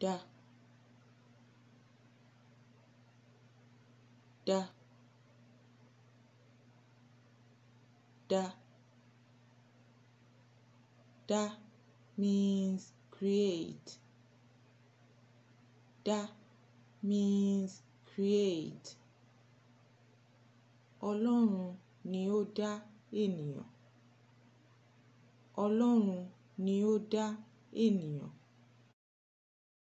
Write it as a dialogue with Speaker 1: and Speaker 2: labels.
Speaker 1: Da,
Speaker 2: da, da, da means create Da means create ọlọ́run ni ó dá ènìyàn ọlọ́run ni ó dá ènìyàn